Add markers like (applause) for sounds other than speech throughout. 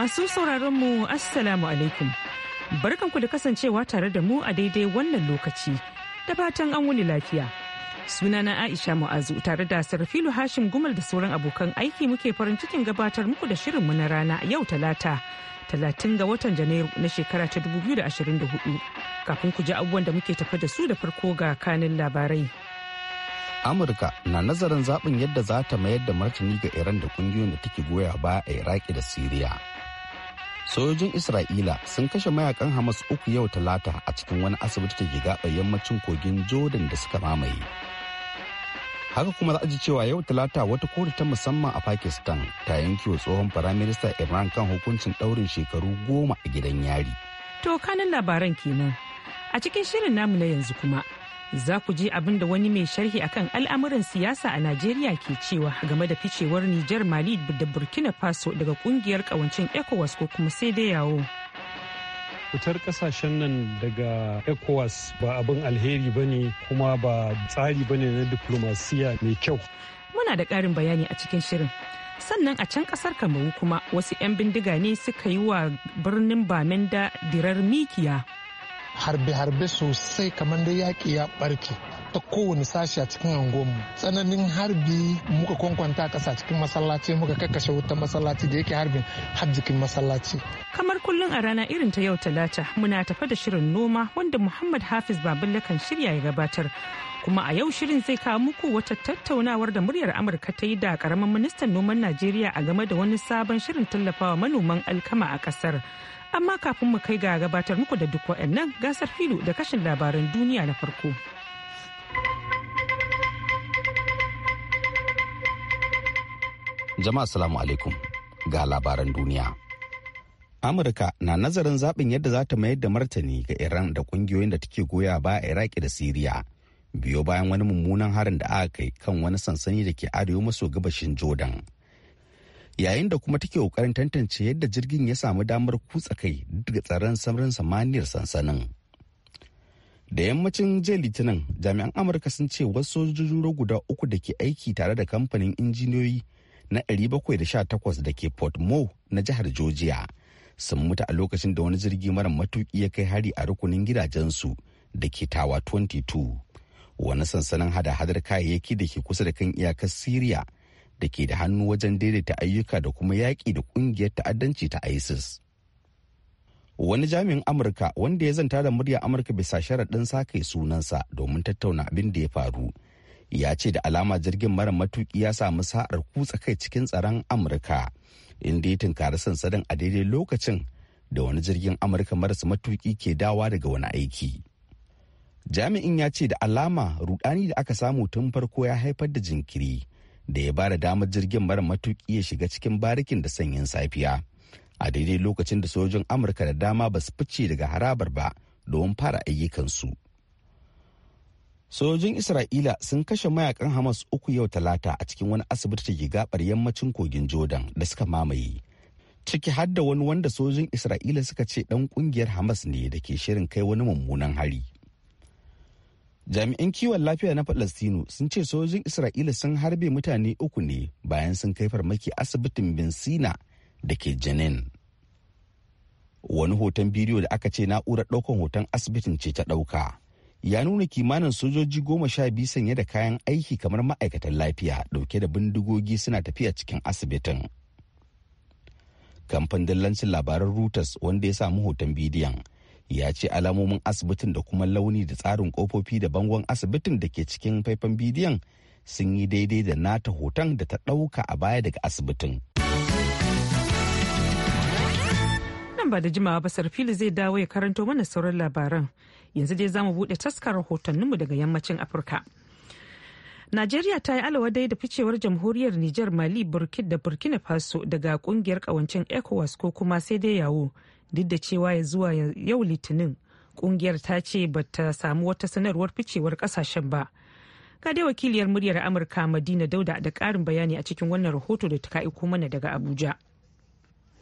Masu sauraron mu Assalamu alaikum. Barkanku da kasancewa tare da mu a daidai wannan lokaci. Da fatan an wuni lafiya. suna na Aisha Mu'azu tare da Sarfilu Hashim Gumal da sauran abokan aiki muke farin cikin gabatar muku da shirin mu na rana yau talata. talatin ga watan Janairu na shekara ta dubu biyu da da ashirin hudu kafin ku ji abubuwan da muke tafi da su da farko ga kanin labarai. amurka na nazarin zaɓin yadda za ta mayar da martani ga iran da ƙungiyoyin da take goya ba a iraki da siriya sojojin isra'ila sun kashe mayakan hamas uku yau talata a cikin wani asibiti da ke gaɓar yammacin kogin jordan da suka mamaye haka kuma za a ji cewa yau talata wata kotu ta musamman a pakistan ta yanke wa tsohon firaminista imran kan hukuncin ɗaurin shekaru goma a gidan yari to kanin labaran kenan a cikin shirin namu na yanzu kuma za ku ji abin da wani mai sharhi akan al'amuran siyasa a Najeriya ke cewa game da ficewar Nijar Mali da Burkina Faso daga kungiyar kawancin ECOWAS ko kuma sai da yawo. Fitar kasashen nan daga ECOWAS ba abin alheri ba ne kuma ba tsari ba ne na diplomasiya mai kyau. Muna da ƙarin bayani a cikin shirin. sannan a can kasar kamaru kuma wasu 'yan bindiga ne suka yi wa birnin bamenda dirar mikiya harbe-harbe sosai kamar da yaƙi ya ɓarke ta kowane sashi a cikin angonmu tsananin harbi muka kwankwanta kasa cikin masallaci muka kakkashe wuta masallaci da yake harbin har jikin masallaci kamar kullum a rana irin ta yau talata muna tafa da shirin noma wanda muhammad hafiz babulle kan shirya ya gabatar kuma a yau shirin zai kawo muku wata tattaunawar da muryar amurka ta yi da karamin ministan noman najeriya a game da wani sabon shirin tallafawa manoman alkama a kasar amma kafin mu kai ga gabatar muku da duk waɗannan gasar filu da kashin labaran duniya na farko. Jama'a salamu alaikum ga labaran duniya. Amurka na nazarin zaɓin yadda za ta mayar da martani ga Iran da ƙungiyoyin da take goya ba a Iraki da Siriya. Biyo bayan wani mummunan harin da aka kai kan wani sansani da ke arewa maso gabashin Jordan. yayin da kuma take kokarin tantance yadda jirgin ya samu damar kutsa kai daga tsaron samarin samaniyar sansanin da yammacin jiya litinin jami'an amurka sun ce wasu sojojin ruwa guda uku da ke aiki tare da kamfanin injiniyoyi na 718 da ke port mo na jihar georgia sun mutu a lokacin da wani jirgi mara matuki ya kai hari a rukunin gidajensu da ke tawa 22 wani sansanin hada-hadar kayayyaki da ke kusa da kan iyakar syria da ke da hannu wajen daidaita ayyuka da kuma yaƙi da ƙungiyar ta'addanci ta isis wani jami'in amurka wanda ya zanta da murya amurka bisa sharaɗin kai sunansa domin tattauna abin da ya faru ya ce da alama jirgin mara matuki ya samu sa'ar kutsa kai cikin tsaron amurka inda ya tunkari sansanin a daidai lokacin da wani jirgin amurka marasa matuki ke dawa daga wani aiki jami'in ya ce da alama rudani da aka samu tun farko ya haifar da jinkiri da ya bada damar jirgin mara matuki ya shiga cikin barikin da sanyin safiya a daidai lokacin da sojin amurka da dama ba su fice daga harabar ba domin fara ayyukansu sojojin isra'ila sun kashe mayakan hamas uku yau talata a cikin wani asibiti ke gabar yammacin kogin jordan da suka mamaye ciki har da wani wanda sojojin isra'ila suka ce dan kungiyar hamas ne da ke shirin kai wani mummunan hari jami'an kiwon lafiya na falastinu sun ce sojojin isra'ila sun harbe mutane uku ne bayan sun kai farmaki asibitin Binsina sina da ke janin wani hoton bidiyo da aka ce na'urar ɗaukan hoton asibitin ce ta ɗauka ya nuna kimanin sojoji goma sha biyu sanye da kayan aiki kamar ma'aikatan lafiya ɗauke da bindigogi suna tafiya cikin asibitin kamfanin dillancin labaran reuters wanda ya samu hoton bidiyon ya ce alamomin asibitin da kuma launi da tsarin kofofi da bangon asibitin da ke cikin faifan bidiyon sun yi daidai da nata hoton da ta ɗauka a baya daga asibitin. Nan ba da jimawa ba sarfili zai dawo ya karanto mana sauran labaran. Yanzu dai za mu buɗe taskar rahotanninmu daga yammacin Afirka. Najeriya ta yi dai da ficewar jamhuriyar Nijar Mali da Burkina Faso daga kungiyar kawancin ECOWAS ko kuma sai dai yawo duk da cewa ya zuwa yau litinin kungiyar ta ce ba ta samu wata sanarwar ficewar kasashen ba ga dai wakiliyar muryar amurka madina dauda da karin bayani a cikin wannan rahoto da ta kaiko mana daga abuja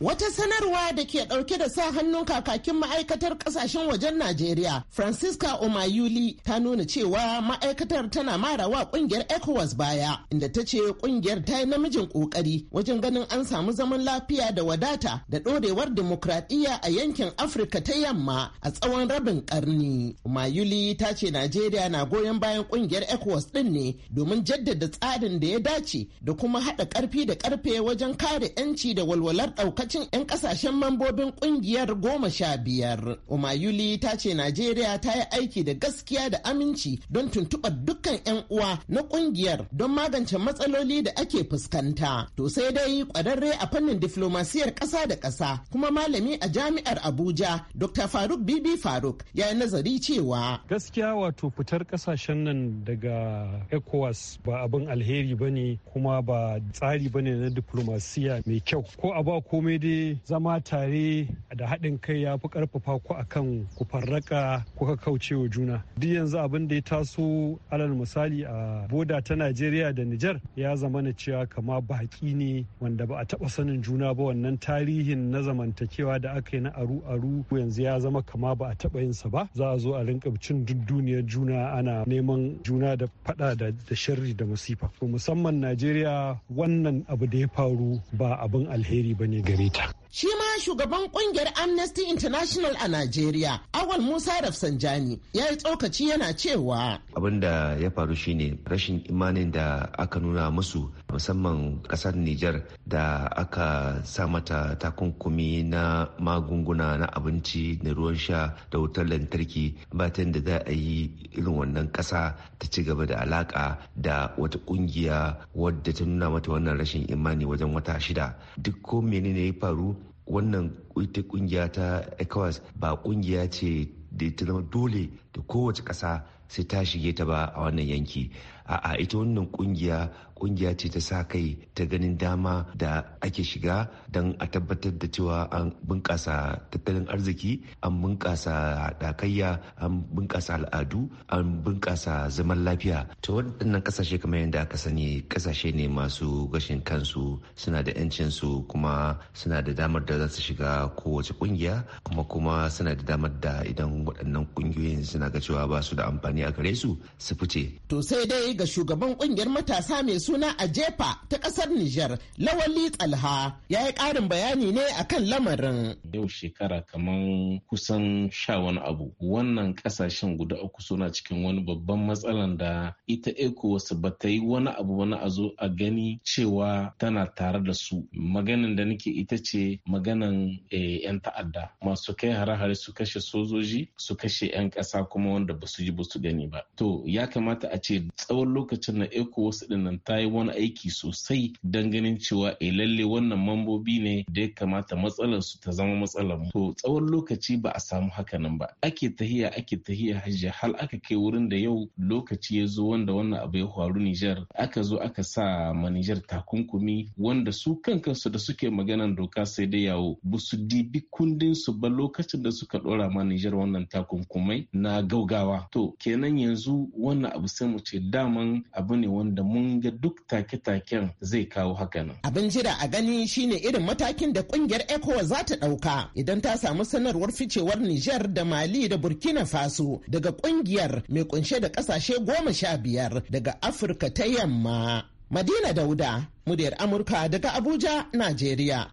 Wata sanarwa da ke ɗauke da sa hannun kakakin ma'aikatar kasashen wajen Najeriya, Francisca Omayuli, ta nuna cewa ma'aikatar tana marawa ƙungiyar ECOWAS baya, inda ta ce ƙungiyar ta yi namijin ƙoƙari wajen ganin an samu zaman lafiya da wadata da ɗorewar dimokuraɗiyya a yankin Afirka ta yamma a tsawon rabin ƙarni. Omayuli ta ce Najeriya na goyon bayan ƙungiyar ECOWAS ɗin ne domin jaddada tsarin da ya dace da kuma haɗa ƙarfi da ƙarfe wajen kare 'yanci da walwalar ɗaukar ɗaukacin 'yan kasashen mambobin kungiyar goma sha biyar. Umayuli ta ce Najeriya ta yi aiki da gaskiya da aminci don tuntuɓar dukkan 'yan uwa na kungiyar don magance matsaloli da ake fuskanta. To sai dai kwararre a fannin diflomasiyar ƙasa da ƙasa kuma malami a jami'ar Abuja Dr. Faruk Bibi Faruk ya yi nazari cewa. Gaskiya wato fitar ƙasashen nan daga ECOWAS ba abin alheri ba ne kuma ba tsari ba ne na diflomasiyya mai kyau ko a ba komai zama tare da haɗin kai ya fi ƙarfafa ku kan ku farraka kauce wa juna duk yanzu abin da ya taso alal misali a boda ta najeriya da nijar ya zama na cewa kama baƙi ne wanda ba a taɓa sanin juna ba wannan tarihin na zamantakewa da aka yi na aru aru yanzu ya zama kama ba a taɓa yinsa ba za a zo a rinƙa cin duk duniyar juna ana neman juna da faɗa da sharri da masifa musamman najeriya wannan abu da ya faru ba abin alheri ba ne gare feet Shi ma shugaban kungiyar Amnesty International a Najeriya, Awal Musa Rafsanjani, ya yi tsokaci yana cewa. Abin da ya faru shine rashin imanin da aka nuna musu musamman kasar Nijar da aka sa mata takunkumi na magunguna na abinci da ruwan sha da wutar lantarki ba da za a yi irin wannan kasa ta ci gaba da alaƙa da wata kungiya wadda ta nuna mata wannan rashin imani wajen wata shida. Duk ko menene ya faru wannan ita kungiya ta ecowas ba kungiya ce da ta zama dole da kowace ƙasa sai ta shige ta ba a wannan yanki a'a ita wannan kungiya kungiya ce ta sa kai ta ganin dama da ake shiga don a tabbatar da cewa an bunƙasa tattalin arziki an bunƙasa haɗakayya an bunƙasa al'adu an bunƙasa zaman lafiya ta waɗannan ƙasashe kamar yadda aka sani ƙasashe ne masu gashin kansu suna da 'yancin su kuma suna da damar da za su shiga kowace kungiya kuma kuma suna da damar da idan waɗannan kungiyoyin suna ga cewa ba su da amfani a gare su su fice. To sai dai ga shugaban ƙungiyar matasa mai suna jefa ta kasar Nijar Lawali Tsalha ya yi ƙarin bayani ne akan lamarin. Yau shekara kaman kusan sha wani abu. Wannan kasashen guda uku suna cikin wani babban matsalan da ita ECOWAS ba ta yi wani abu wani a zo a gani cewa tana tare da su. Maganin da nake ita ce maganan eh, 'yan ta'adda masu kai hare-hare su kashe sojoji su kashe 'yan ƙasa kuma wanda ba su ji ba su gani ba. To ya kamata a ce tsawon lokacin na ECOWAS ɗin nan ta yi wani aiki sosai don ganin cewa e lalle wannan mambobi ne da ya kamata matsalar su ta zama matsalar mu. to tsawon lokaci ba a samu hakanan ba ake tahiya ake tahiya hajji hal aka kai wurin da yau lokaci ya zo wanda wannan abu ya faru Nijar aka zo aka sa manijar takunkumi wanda su kan kansu da suke maganan doka sai dai yawo Busu su dibi kundin su ba lokacin da suka dora ma wannan takunkumai na gaugawa to kenan yanzu wannan abu sai mu ce daman abu ne wanda mun ga duk duk take-taken zai kawo haka nan. Abin jira a gani shine irin matakin da kungiyar ECOWAS za ta ɗauka idan ta samu sanarwar ficewar Nijar da Mali da Burkina Faso daga kungiyar mai kunshe da ƙasashe goma sha biyar daga Afirka ta yamma. Madina Dauda, muryar Amurka daga Abuja, Najeriya.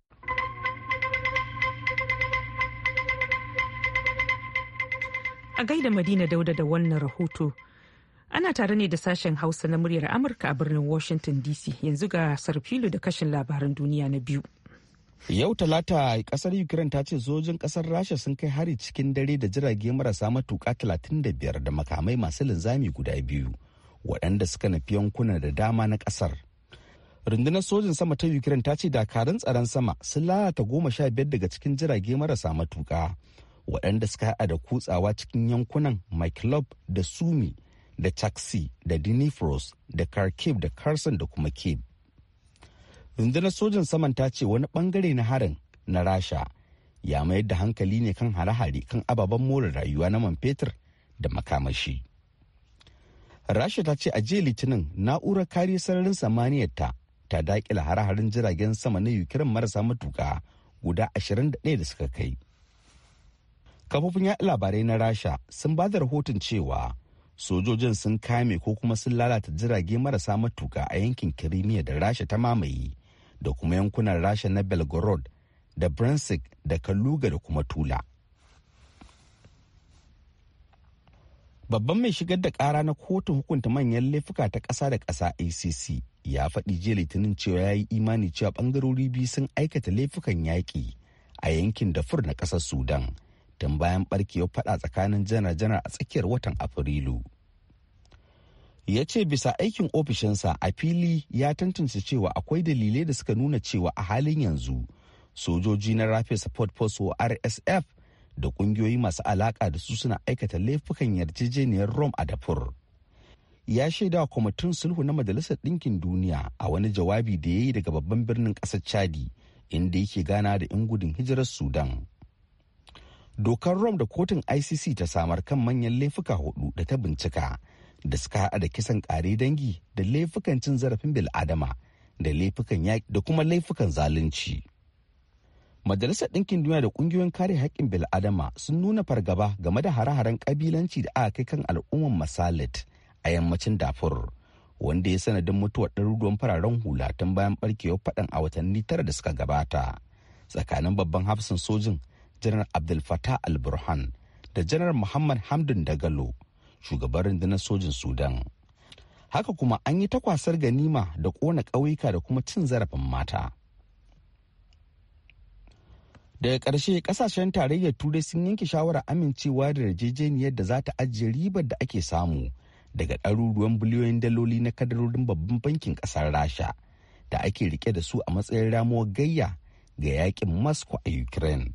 A gaida Madina Dauda da wannan rahoto. Ana tare ne da sashen Hausa na muryar Amurka a birnin Washington DC yanzu ga sarfilu da kashin labaran duniya na biyu. Yau Talata kasar Ukraine ta ce sojin kasar Rasha sun kai hari cikin dare da jirage marasa matuka 35 da makamai masu linzami guda biyu waɗanda suka nafi yankuna da dama na kasar. Rundunar sojin sama ta Ukraine ta ce dakarun tsaron sama sun lalata goma sha biyar daga cikin jirage marasa matuka waɗanda suka haɗa da kutsawa cikin yankunan mike da Sumi da taxi da dinifros da kharkiv da carson da kuma kib rundunar sojan saman ta ce wani bangare na harin na rasha ya mayar da hankali ne kan hare-hare kan ababen more rayuwa na man fetur da makamashi rasha ta ce a jiya litinin na'urar kariya sararin samaniyar ta ta dakila hare-haren jiragen sama na ukraine marasa matuka guda 21 da suka kai kafofin ya labarai na rasha sun ba da rahoton cewa sojojin sun kame ko kuma sun lalata jirage marasa matuka a yankin kirimiya da rasha ta mamaye da kuma yankunan rasha na belgorod da brensik da kaluga da kuma tula babban mai shigar da kara na kotun hukunta manyan laifuka ta ƙasa da ƙasa acc ya faɗi jiya litinin cewa ya yi imani cewa ɓangarori biyu sun aikata laifukan yaƙi a yankin dafur na ƙasar sudan tun bayan ya fada tsakanin janar-janar a tsakiyar watan afrilu ya ce bisa aikin ofishinsa a fili ya tantance cewa akwai dalilai da suka nuna cewa a halin yanzu sojoji na rapid support force rsf da kungiyoyi masu alaka da su suna aikata laifukan yarjejeniyar rom a dafur ya shaida wa kwamitin sulhu na majalisar ɗinkin duniya a wani jawabi da ya yi daga babban birnin ƙasar chadi inda yake gana da 'yan gudun hijirar sudan dokar rom da kotun icc ta samar kan manyan laifuka hudu da ta bincika da suka haɗa da kisan kare dangi da laifukan cin zarafin bil'adama da laifukan yaƙi da kuma laifukan zalunci majalisar ɗinkin duniya da ƙungiyoyin kare haƙƙin bil'adama sun nuna fargaba game da hare-haren ƙabilanci da aka kai kan al'umman masalit a yammacin dafur wanda ya sanadin mutuwar ɗaruruwan fararen hula tun bayan ɓarkewar faɗan a watanni tara da suka gabata tsakanin babban hafsin sojin janar abdul fatah al-burhan da janar muhammad hamdun dagalo shugaban rundunar sojin sudan haka kuma an yi takwasar ganima da kona ƙauyuka da kuma cin zarafin mata daga ƙarshe kasashen tarayyar turai sun yanke shawarar amincewa da yarjejeniyar da za ta ajiye ribar da ake samu daga ɗaruruwan biliyoyin daloli na kadarorin babban bankin ƙasar rasha da ake rike da su a matsayin ramuwar gayya ga yakin moscow a ukraine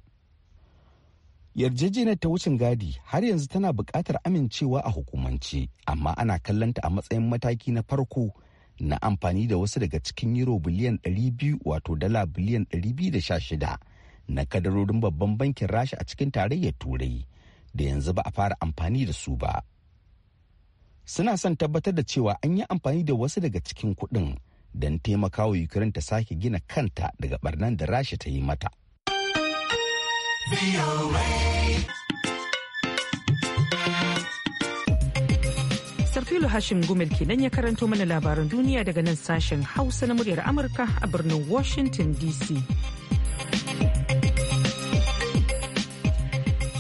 yarjejeniyar ta wucin gadi har yanzu tana buƙatar amincewa a hukumance amma ana kallonta a matsayin mataki na farko na amfani da wasu daga cikin euro biliyan 200 wato dala biliyan 216 na kadarorin babban bankin rasha a cikin tarayyar turai da yanzu ba a fara amfani da su ba suna son tabbatar da cewa an yi amfani da wasu daga cikin kuɗin don taimakawa ukraine ta sake gina kanta daga barnan da rasha ta yi mata Sarfilu Hashim Gumel kenan ya karanto mana labaran duniya daga nan sashen Hausa na muryar Amurka a birnin Washington DC.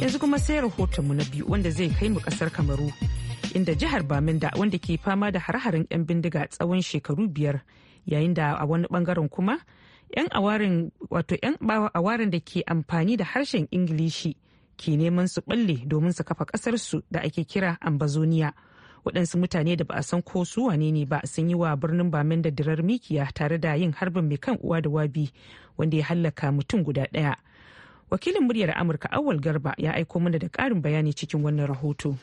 Yanzu kuma sai rahotonmu na biyu wanda zai kai mu kasar Kamaru. inda jihar Baminda wanda ke fama da har-harin 'yan bindiga tsawon shekaru biyar yayin da a wani bangaren kuma 'yan awarin wato 'yan awarin da ke amfani da harshen ingilishi ke neman su balle domin su kafa kasarsu da ake kira ambazoniya waɗansu mutane da ba a san ko su wane ne ba sun yi wa birnin bamen da dirar mikiya tare da yin harbin mai kan uwa da wabi wanda ya hallaka mutum guda ɗaya wakilin muryar amurka awal garba ya aiko mana da ƙarin bayani cikin wannan rahoto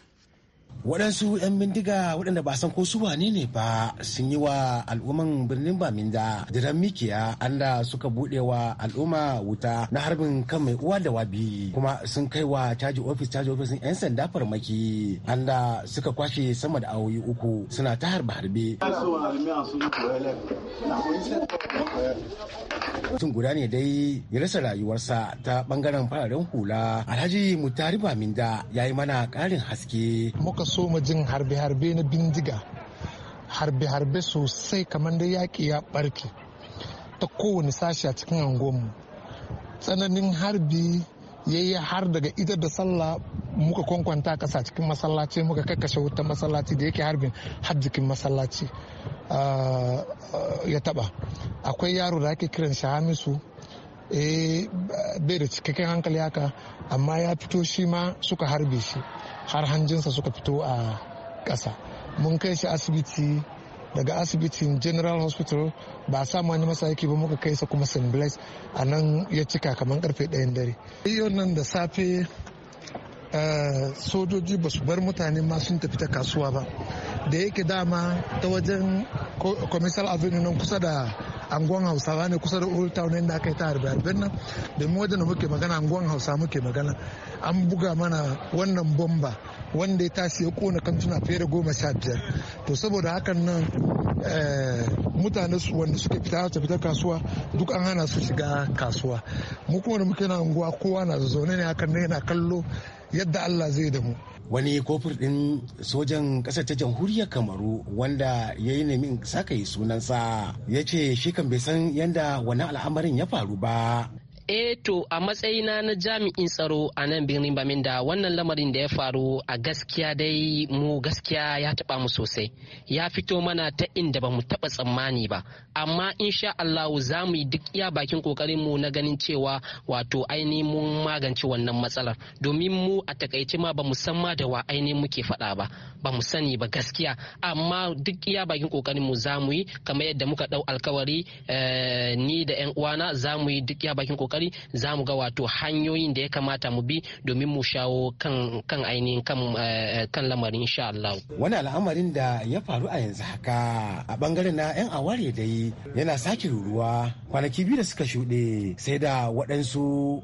waɗansu 'yan bindiga waɗanda ba san ko su wane ne ba sun yi wa al'umman birnin baminda diran mikiya da suka buɗe wa al'umma wuta na harbin kan mai uwa da wabi kuma sun kai wa caji ofis caji ofis 'yan sanda farmaki da suka kwashe sama da awoyi uku suna ta harba harbe mutum guda ne dai ya rasa rayuwarsa ta bangaren fararen hula alhaji mutari baminda ya yi mana ƙarin haske muka mu jin harbe-harbe na bindiga harbe-harbe sosai kamar da yaƙi ya ɓarke ta kowane sashi a cikin angonmu tsananin harbi ya yi har daga ita da sallah muka kwankwanta kasa cikin masallaci muka kakkashe wuta masallaci da yake harbin har jikin masallaci ah, ah, ya taba akwai yaro da ake kiran shi hamisu Eh, bai da cikakken hankali haka amma ya fito shi ma suka harbe shi har hanjinsa suka fito a ƙasa mun kai shi asibiti daga asibitin general hospital ba samu wani masa yake ba muka kai sa kuma st a nan ya cika kamar karfe ɗayan dare yau nan da safe eh, sojoji ba su bar mutane ma sun tafi ta kasuwa ba da yake dama ta wajen commercial avenue nan kusa da angon hausawa ne kusa da old town inda aka yi ta harbe harben nan domin wajen da muke magana angon hausa muke magana an buga mana wannan bomba wanda ya tashi ya kona kantuna fiye da goma sha biyar to saboda hakan nan eh, mutane su wanda suke fita ta fita kasuwa duk an hana su shiga kasuwa mu kuma da muke na unguwa kowa na zaune ne hakan ne yana kallo yadda allah zai da mu wani kofur ɗin sojan ƙasar ta jamhuriyar kamaru wanda ya yi nemin saka yi sunansa ya ce shi kan bai san yadda wani al'amarin ya faru ba eh to a matsayina na jami'in tsaro a nan birnin Baminda wannan lamarin da ya faru a gaskiya dai mu gaskiya ya taba mu sosai ya fito mana ta inda ba mu taba tsammani ba amma insha Allah za mu yi duk iya bakin kokarin mu na ganin cewa wato ainihin mun magance wannan matsalar domin mu a takaice ma ba mu san ma da wa ainihin muke faɗa ba ba mu sani ba gaskiya amma duk iya bakin kokarin mu za mu yi kamar yadda muka dau alkawari eh, ni da yan uwana za mu yi duk iya bakin kokarin kokari za mu ga wato hanyoyin da ya kamata mu bi domin mu shawo kan ainihin eh, kan lamarin insha Allah wani al'amarin da ya faru a yanzu haka a bangaren na yan aware dai yana sake ruruwa kwanaki biyu da suka shuɗe sai da waɗansu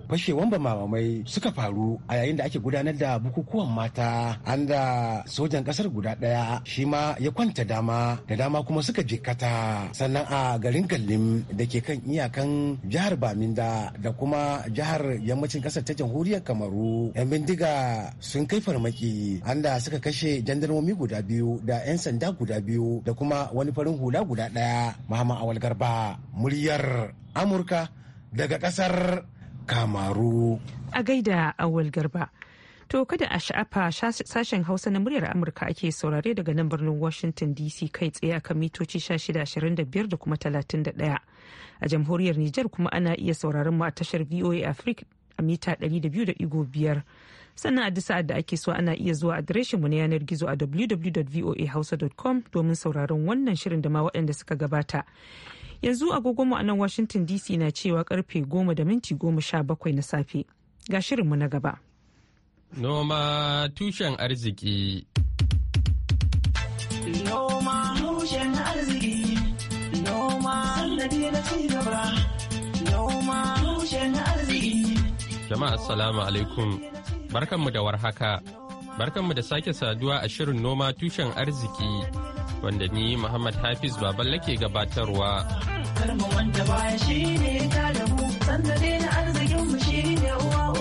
fashewan mamamai suka faru a yayin da ake gudanar da bukukuwan mata an da sojan ƙasar guda ɗaya shi ma ya kwanta dama da dama kuma suka jikkata sannan a garin gallim da ke kan iyakan jihar baminda da kuma jihar yammacin kasar ta jamhuriyar kamaru yan bindiga sun kai farmaki anda suka kashe jandarmomi guda biyu da yan sanda guda biyu da kuma wani farin hula guda daya mahama awal garba muryar amurka daga kasar kamaru a gaida awal garba To kada a sha'afa sashen Hausa na muryar Amurka ake saurare daga nan birnin Washington DC kai tsaye akan mitoci 1625 da kuma talatin da ɗaya A jamhuriyar Nijar kuma ana iya sauraron mu a tashar VOA Africa a mita 200.5. Sannan a duk sa'ad da ake so ana iya zuwa adireshin mu na yanar gizo a www.voahausa.com domin sauraron wannan shirin da ma waɗanda suka gabata. Yanzu mu a nan Washington DC na cewa karfe 10 da minti 17 na safe. Ga shirinmu na gaba. Noma tushen arziki. Noma tushen arziki. Noma sannadi na cigaba. Noma tushen arziki. Jama'a assalamu alaikum. Barkanmu da warhaka. Barkanmu da sake saduwa a shirin noma tushen arziki wanda ni Muhammad Hafiz baban lake gabatarwa. Karmu wanda baya shi ne ta damu, sanda sannadi na arzikinmu shi ne uwa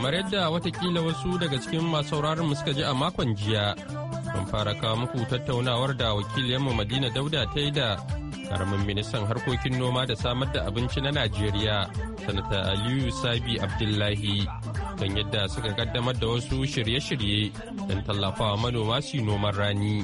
kamar yadda watakila wasu daga cikin masu mu suka ji a makon jiya mun fara kawo muku tattaunawar da wakiliyarmu madina dauda ta yi da karamin ministan harkokin noma da samar da abinci na najeriya sanata aliyu sabi abdullahi kan yadda suka kaddamar da wasu shirye-shirye don tallafawa manoma su noman rani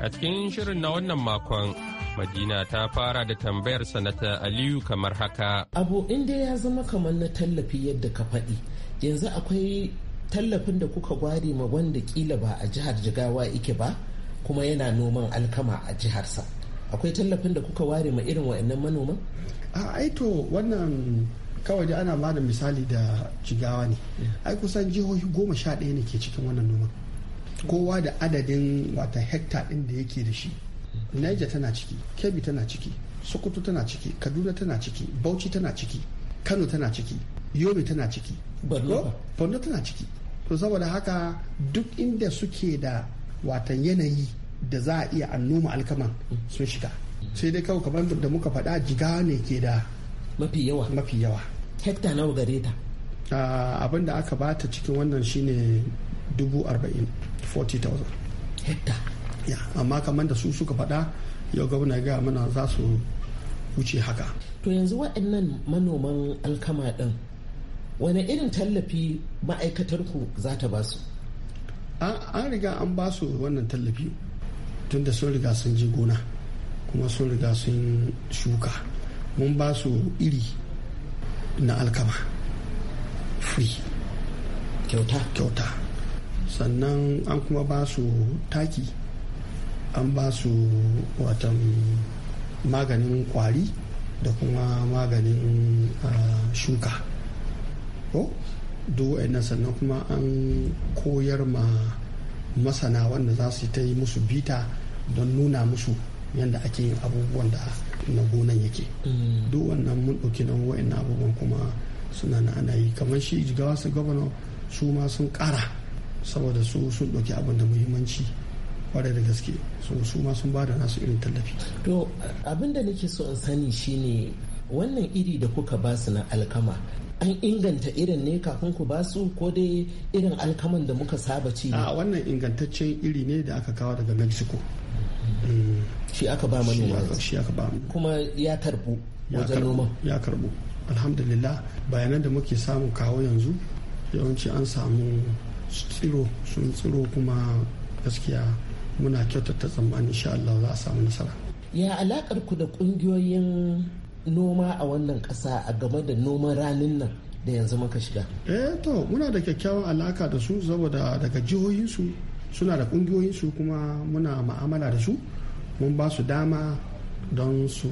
a cikin shirin na wannan makon madina ta fara da tambayar sanata aliyu kamar haka abu inda ya zama kamar na tallafi yadda ka faɗi yanzu akwai tallafin da kuka gware ma wanda kila ba a jihar jigawa ike ba kuma yana noman alkama a jiharsa akwai tallafin da kuka ware ma irin wa'annan manoman a aito wannan kawai da ana da misali da jigawa ne ai kusan jihohi goma sha ɗaya ne ke cikin wannan noman kowa da adadin wata hekta ɗin da yake da shi niger tana ciki kebbi tana ciki sokoto tana ciki kaduna tana ciki bauchi tana ciki kano tana ciki yobe tana ciki borno tana ciki to saboda haka duk inda suke da watan yanayi da za a iya annoma alkaman sun shiga sai dai kawai kamar da muka faɗa jiga ne ke da mafi yawa mafi yawa hekta nawa gare ta ah, abin da aka bata cikin wannan shine dubu arba'in 40,000 hekta ya amma kamar da su suka faɗa yau gwamna ga mana za su wuce haka to yanzu waɗannan manoman alkama ɗin wani irin tallafi ma'aikatarku ku za ta basu an riga an basu wannan tallafi tun da sun riga sun je gona kuma sun riga sun shuka mun ba su iri na alkama free kyauta sannan an kuma ba su taki an ba su watan maganin kwari da kuma maganin uh, shuka ko Do sannan kuma an koyar ma masana wanda za su ta yi musu bita don nuna musu yadda ake yin abubuwan da na gonan yake mm. duk wannan mun ɗauki nan wa'annan abubuwan kuma suna na ana yi kamar shi ga wasu gwamna su ma sun ƙara saboda su sun ɗauki abin da muhimmanci kwarai da gaske su ma sun ba da nasu irin tallafi to abin da nake so in sani shine wannan iri da kuka ba su na alkama an inganta irin ne kafin ku ba su ko dai irin alkaman da muka saba ci a wannan ingantaccen iri ne da aka kawo daga mexico eh, shi aka ba manoma shi aka ba kuma ya karbu wajen noma ya karbu alhamdulillah bayanan da muke samu kawo yanzu yawanci an samu tsiro sun tsiro kuma gaskiya muna kyautata tsammanin insha Allah za a samu nasara ya alakar ku da kungiyoyin noma a wannan ƙasa a game da noman ranin nan da yanzu muka shiga? eh to muna da kyakkyawan alaka da su saboda daga jihohinsu suna da ƙungiyoyinsu kuma muna ma'amala da su mun ba su dama don su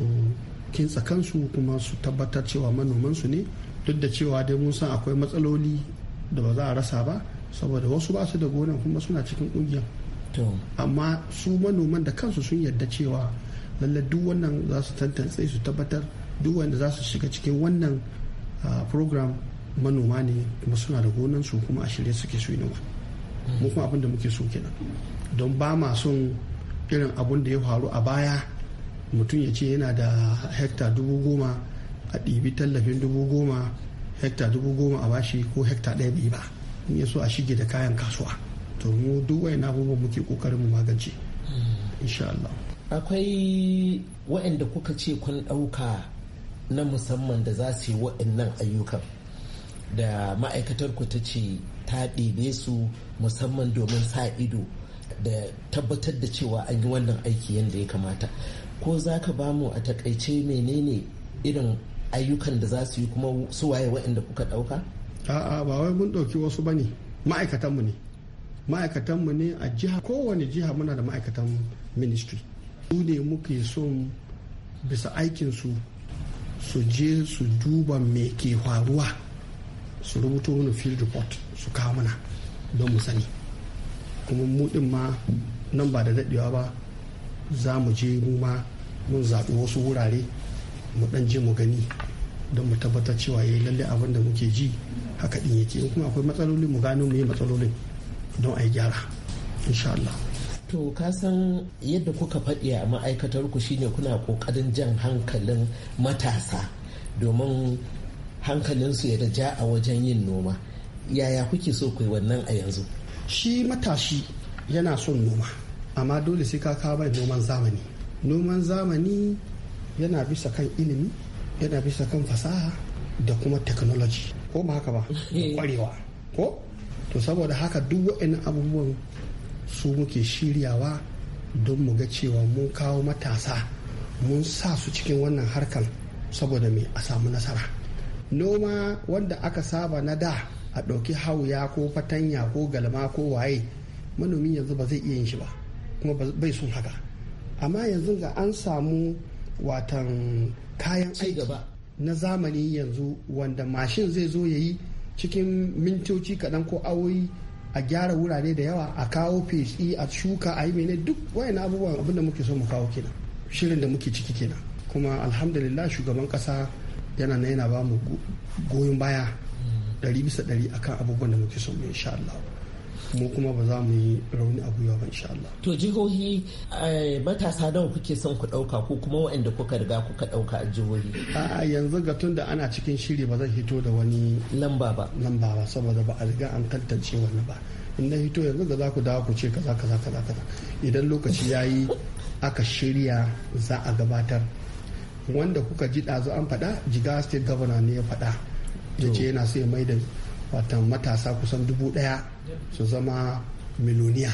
kintsa kansu kuma su tabbatar cewa manomansu ne duk da cewa dai mun san akwai matsaloli da ba za a rasa ba saboda wasu ba su da gonan kuma suna cikin ƙungiyar amma su manoman da kansu sun yarda cewa lallai duk wannan za su tantance su tabbatar duk wanda za su shiga cikin wannan program manoma ne kuma suna da gonan su kuma a shirye suke su yi noma mu kuma abin da muke so kenan don ba ma son irin abun da ya faru a baya mutum ya ce yana da hekta dubu goma a ɗibi tallafin dubu goma hekta dubu goma a bashi ko hekta ɗaya bai ba in ya so a shige da kayan kasuwa to mu duk wayan abubuwan muke kokarin mu magance mm. insha Allah akwai waɗanda kuka ce kun ɗauka na musamman da za su yi waɗannan ayyukan da ma'aikatar ku ta ce ta ɗebe su musamman domin sa ido da tabbatar da cewa an yi wannan aiki yadda ya kamata ko za ka ba mu a takaice menene irin ayyukan da za su yi kuma su waye waɗanda kuka ɗauka? a'a ba wai mun ɗauki wasu ba ne ma'aikatanmu ne ma'aikatanmu ne a jiha kowane jiha muna da ma'aikatan ministry su ne muke son bisa aikinsu su je su duba me ke faruwa su rubuto wani field report su kawo mana don mu sani kuma mu din ma nan ba da daɗewa ba za mu je mu ma mun zaɓi wasu wurare mu ɗan je mu gani don mu tabbatar cewa ya eh, yi lalle abin da muke ji haka ɗin yake kuma akwai matsaloli mu gano mu yi matsalolin don a yi gyara insha Allah to ka san yadda kuka faɗi a ma'aikatar ku shine kuna ƙoƙarin jan hankalin matasa domin hankalinsu ya da ja a wajen yin noma yaya kuke so ku yi wannan a yanzu shi matashi yana son noma amma dole sai ka kawo mai noman zamani noman zamani yana bisa kan ilimi yana bisa kan fasaha da kuma technology ko ba haka ba (laughs) kwarewa ko to saboda haka duk waɗannan abubuwan su muke shiryawa don mu ga cewa mun kawo matasa mun sa su cikin wannan harkar saboda mai a samu nasara noma wanda aka saba na da a ɗauki hauya ko fatanya ko galma ko waye manomin yanzu ba zai iya yin shi ba kuma bai sun haka amma yanzu ga an samu watan kayan aiki na zamani yanzu wanda mashin zai zo ya yi cikin mintoci kaɗan ko awoyi a gyara wurare da yawa a kawo feshi a shuka a yi mene duk wayan abubuwan abinda da muke so mu kawo kenan shirin da muke ciki kenan kuma alhamdulillah shugaban kasa yana na yana ba mu goyon baya ɗari bisa ɗari akan abubuwan da muke so mu insha Allah mu kuma ba za mu yi rauni a gwiwa ba insha Allah. To jihohi eh, matasa nawa kuke son ku ɗauka ko kuma waɗanda kuka riga kuka ɗauka a jihohi? A yanzu ga tun da ana cikin shiri ba zan hito da wani lamba ba. Lamba ba saboda ba a riga an tantance wani ba. In na hito yanzu da za ku dawo ku ce kaza kaza kaza kaza. Idan lokaci ya yi aka shirya za a gabatar. Wanda kuka ji ɗazu an faɗa jiga State Governor ne ya faɗa. Ya ce yana so ya mai da watan matasa kusan dubu ɗaya su zama miloniya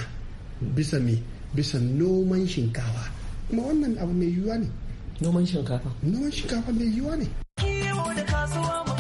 bisa me bisa noman shinkafa kuma wannan abu mai yiwuwa ne noman shinkafa noman shinkafa mai yiwuwa ne da kasuwa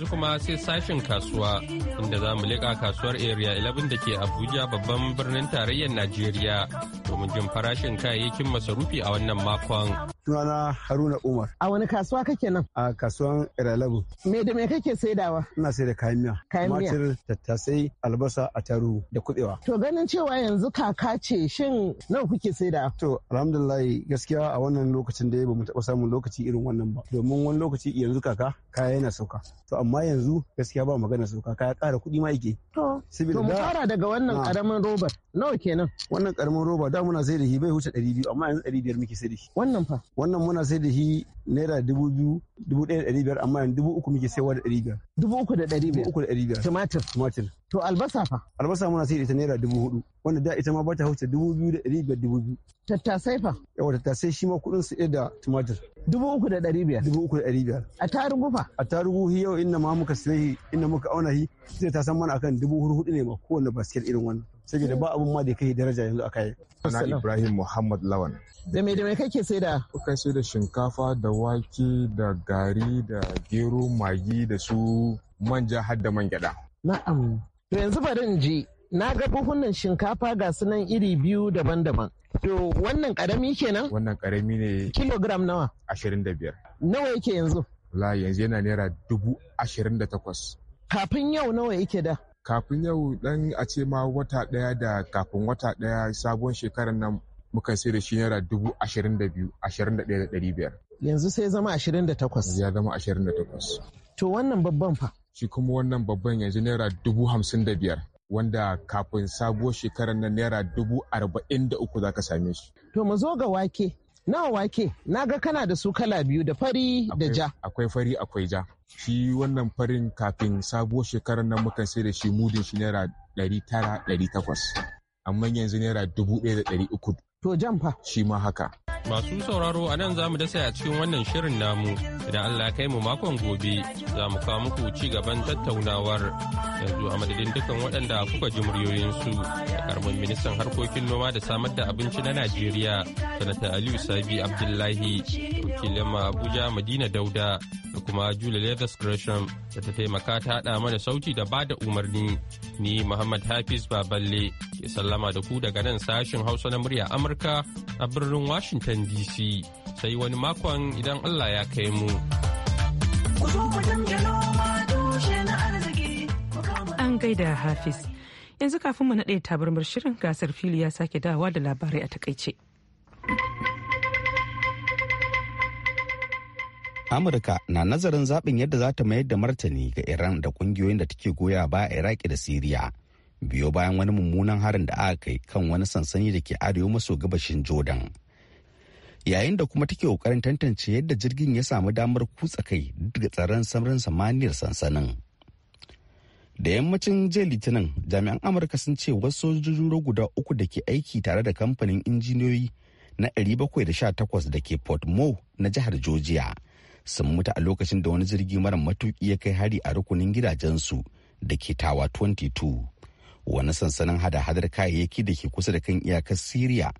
yanzu kuma sai sashen kasuwa inda za mu leƙa kasuwar area 11 da ke abuja babban birnin tarayyar najeriya domin jin farashin kayayyakin masarufi a wannan makon Tunana Haruna Umar. A wani kasuwa kake nan? A kasuwan Iralabu. Me da me kake saidawa? Ina sai da kayan miya. Kayan miya. Tumatir, tattasai, albasa, attaruhu da kuɓewa. To ganin cewa yanzu kaka ce shin nawa kuke saidawa? To alhamdulillah gaskiya a wannan lokacin da ba mu taɓa samun lokaci irin wannan ba. Domin wani lokaci yanzu kaka kaya yana sauka. To amma yanzu gaskiya ba magana sauka kaya ƙara kuɗi ma yake. To. To mu fara daga wannan ah. ƙaramin robar nawa kenan? Wannan ƙaramin roba da muna sai da shi bai wuce ɗari biyu amma yanzu ɗari biyar muke sai da shi. Wannan fa. wannan muna sai da shi naira dubu biyu dubu ɗaya da ɗari biyar amma yanzu dubu uku muke saiwa da ɗari biyar. Dubu uku da ɗari biyar. Dubu uku da ɗari biyar. Tumatir. Tumatir. To albasa fa? Albasa muna sai da ita naira dubu hudu wanda da ita ma ba ta hauce dubu biyu da ɗari biyar dubu biyu. Tattasai fa? Yawa tattasai shi ma kuɗin su da tumatir. Dubu uku da ɗari biyar. Dubu uku da ɗari biyar. A tarugu fa? A tarugu yau inda ma muka sai inda muka auna hi sai ta san mana akan dubu hudu ne ma kowane basket irin wannan. saboda ba abun ma da kai daraja yanzu akai ana Ibrahim Muhammad Lawan. Da me da me kake sai da? Kuka sai da shinkafa da wake da gari da gero magi da su manja har da man gyada. Na'am. To yanzu bari in ji na ga buhunan shinkafa ga sunan iri biyu daban-daban. To wannan karami kenan? Wannan karami ne. Kilogram nawa? Ashirin da biyar. Nawa yake yanzu? La yanzu yana naira dubu ashirin da takwas. Kafin yau nawa yake da? kafin yau dan a ce ma wata daya da kafin wata daya sabon shekarar nan muka sai da shi naira dubu ashirin da biyu ashirin da daya da ɗari biyar. Yanzu sai zama ashirin da takwas. Ya zama ashirin da takwas. To wannan babban fa? Shi kuma wannan babban yanzu naira dubu hamsin da biyar. Wanda kafin sabuwar shekarar nan naira dubu arba'in da uku za ka same shi. To mu zo ga wake. nawa wake na ga kana da su kala biyu da fari da ja akwai fari akwai ja shi wannan farin kafin sabuwar shekarar nan mukan sai da shi mudin shi naira ɗari tara ɗari takwas amma yanzu naira dubu ɗaya da ɗari uku to jan fa shi ma haka Masu sauraro a nan za mu dasa a cikin wannan shirin namu idan Allah kai mu makon gobe za mu kawo muku ci gaban tattaunawar yanzu a madadin dukkan waɗanda kuka ji muryoyinsu da karamin ministan harkokin noma da samar da abinci na Najeriya sanata Aliyu Sabi Abdullahi wakilin Abuja Madina Dauda da kuma Julia Leathers Gresham da ta taimaka ta haɗa mana sauti da bada umarni. Ni Muhammad Hafiz Baballe ke sallama da ku daga nan sashin Hausa na murya Amurka a birnin Washington DC. Sai wani makon idan Allah ya kai mu. An gaida Hafiz. Yanzu kafin mu naɗe tabarmar shirin gasar fili ya sake dawa da labarai a takaice. amurka na nazarin zaɓin yadda za ta mayar da martani ga iran da ƙungiyoyin da take goya ba iraki da siriya biyo bayan wani mummunan harin da aka kai kan wani sansani da ke arewa maso gabashin jordan yayin da kuma take kokarin tantance yadda jirgin ya samu damar kutsa kai daga tsaron samarin samaniyar sansanin da yammacin jiya litinin jami'an amurka sun ce wasu sojojin guda uku da ke aiki tare da kamfanin injiniyoyi na 718 da ke port mo na jihar georgia sun mutu a lokacin da wani jirgi mara matuki ya kai hari a rukunin gidajensu da ke tawa 22 wani sansanin hada-hadar kayayyaki da ke kusa da kan iyakar syria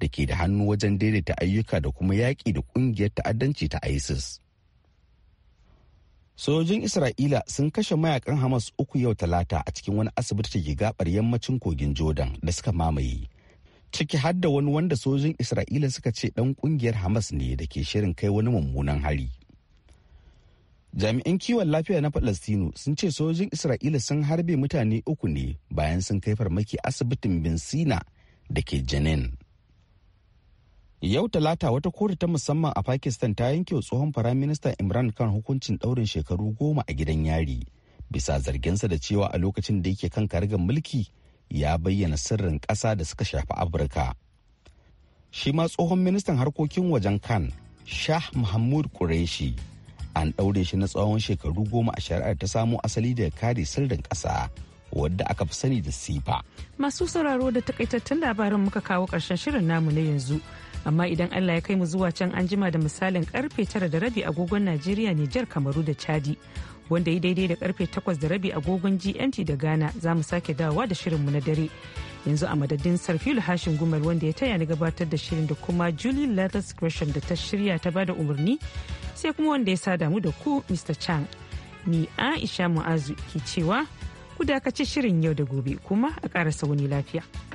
da ke da hannu wajen daidaita ayyuka da kuma yaƙi da ƙungiyar ta'addanci ta isis sojojin isra'ila sun kashe mayakan hamas uku yau talata a cikin wani asibiti da ke gabar yammacin kogin jordan da suka mamaye ciki har da wani wanda sojojin isra'ila suka ce dan kungiyar hamas ne da ke shirin kai wani mummunan hari jami'an kiwon lafiya na falastinu sun ce sojojin isra'ila sun harbe mutane uku ne bayan sun kai farmaki asibitin bin da ke janin yau talata wata kotu ta musamman a pakistan ta yanke tsohon minista imran kan hukuncin daurin shekaru goma a gidan yari bisa zarginsa da cewa a lokacin da yake kan kargar mulki ya bayyana sirrin ƙasa da suka shafi afirka shi ma tsohon ministan harkokin wajen khan shah muhammud qureshi an ɗaure shi na tsawon shekaru goma a shari'ar ta samo asali daga kare sirrin ƙasa wadda aka fi sani da sifa. Masu sauraro da takaitattun labarin muka kawo ƙarshen shirin namu na yanzu. Amma idan Allah ya kai mu zuwa can an jima da misalin karfe tara da rabi agogon Najeriya, Nijar, Kamaru da Chadi. Wanda ya daidai da karfe takwas da rabi agogon GMT da Ghana za mu sake dawowa da shirinmu na dare. yanzu a madadin sarfilu hashin gumal wanda ya taya na gabatar da shirin da kuma julie lathers gresham da ta shirya ta bada umarni sai kuma wanda ya sa damu da ku mr chang ni aisha mu'azu ke cewa ku dakace shirin yau da gobe kuma a ƙarasa wani lafiya.